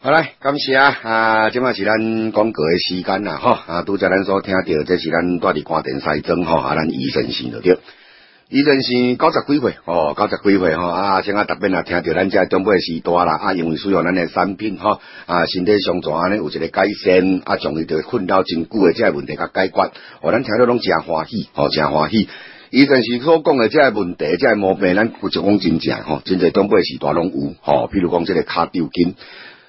好嘞，感謝啊啊！即嘛是咱廣告嘅時間啦，吼，啊！拄則咱所聽到，這是咱在佇關電西莊吼，啊，咱醫生先着對。醫生是九十幾歲吼，九、哦、十幾歲吼，啊！正啊，達邊啊，聽到咱家長輩時大啦啊，因為使用咱嘅產品吼，啊，身體上轉安尼有一個改善啊，終伊着困擾真久嘅即個問題甲解決，吼、啊、咱聽着攏真歡喜，吼、哦，真歡喜。醫生是所講嘅即個問題，即、啊啊、個毛病，咱不就講真正吼，真儕長輩時大攏有吼，比如講即個骹吊筋。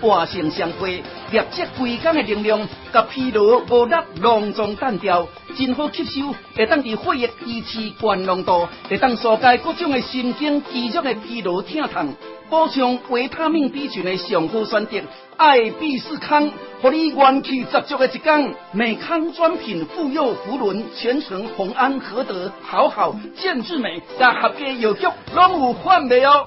活性雙倍，攝取規天嘅能量，甲疲勞無力、隆重單調，真好吸收，會當佇血液維持高濃度，會當紓解各種嘅神經肌肉嘅疲勞疼痛，補充維他命 B 群嘅上好選擇。愛必適康，互你元氣十足嘅一工。美康專品婦幼護倫，全程弘安合德、好好健之美，加合佳藥局攏有販賣哦。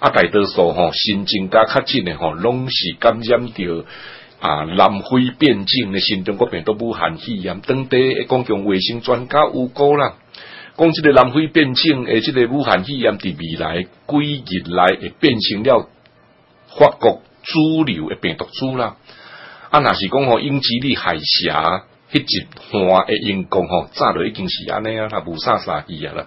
啊！大多數吼，新增加確診嘅吼，攏、哦、是感染着啊南非變境嘅新中國病毒武漢肺炎，當地嘅公共衛生專家有講啦，講即個南非變境嘅即個武漢肺炎，佇未來幾日內會變成了法國主流嘅病毒株啦。啊，若是講荷、哦、英吉利海峽迄一段誒，英、哦、講，吼早著已經是安尼啊，無啥差異啊啦。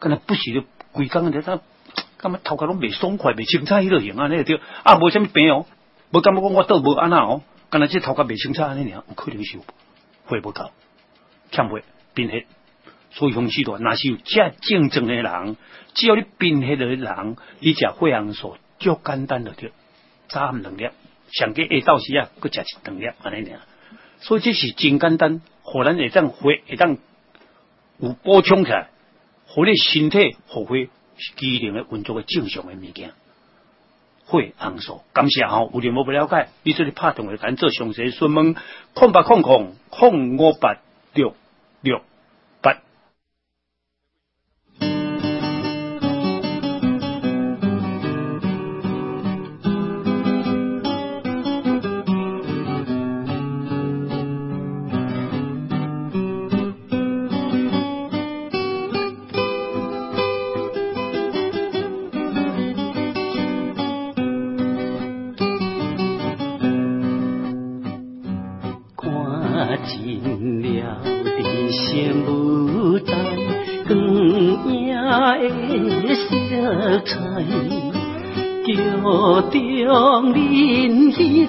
今日不是你頭殼攏未爽快，未清彩都行啊，你又對啊冇咩病哦，感覺講我倒無安那哦，今日只頭殼未清采安尼啊，有可能是有血唔夠，欠血貧血，所以雄師隊若是有遮症狀誒人，只要你貧血誒人，你食血紅素就，簡單著對，早暗兩粒，上幾下晝時啊，閣食一兩粒，安尼啊，所以即是真簡單，可能會當血會當有補充起來。好，你的身體發揮機能，運作的正常嘅物件，感謝、哦、有啲冇不，不了解，你這拍電話，趕做詳細詢問，空八空空空五八六六。六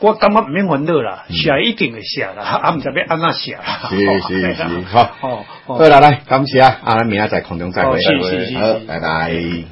我咁啊唔免揾你啦，寫一定會寫啦，阿唔就俾安娜寫啦。好、嗯啊啊哦。好，好、哦哦哦哦啊哦，好。啦，嚟，今次啊，阿明啊，在空中再會，謝謝，拜拜。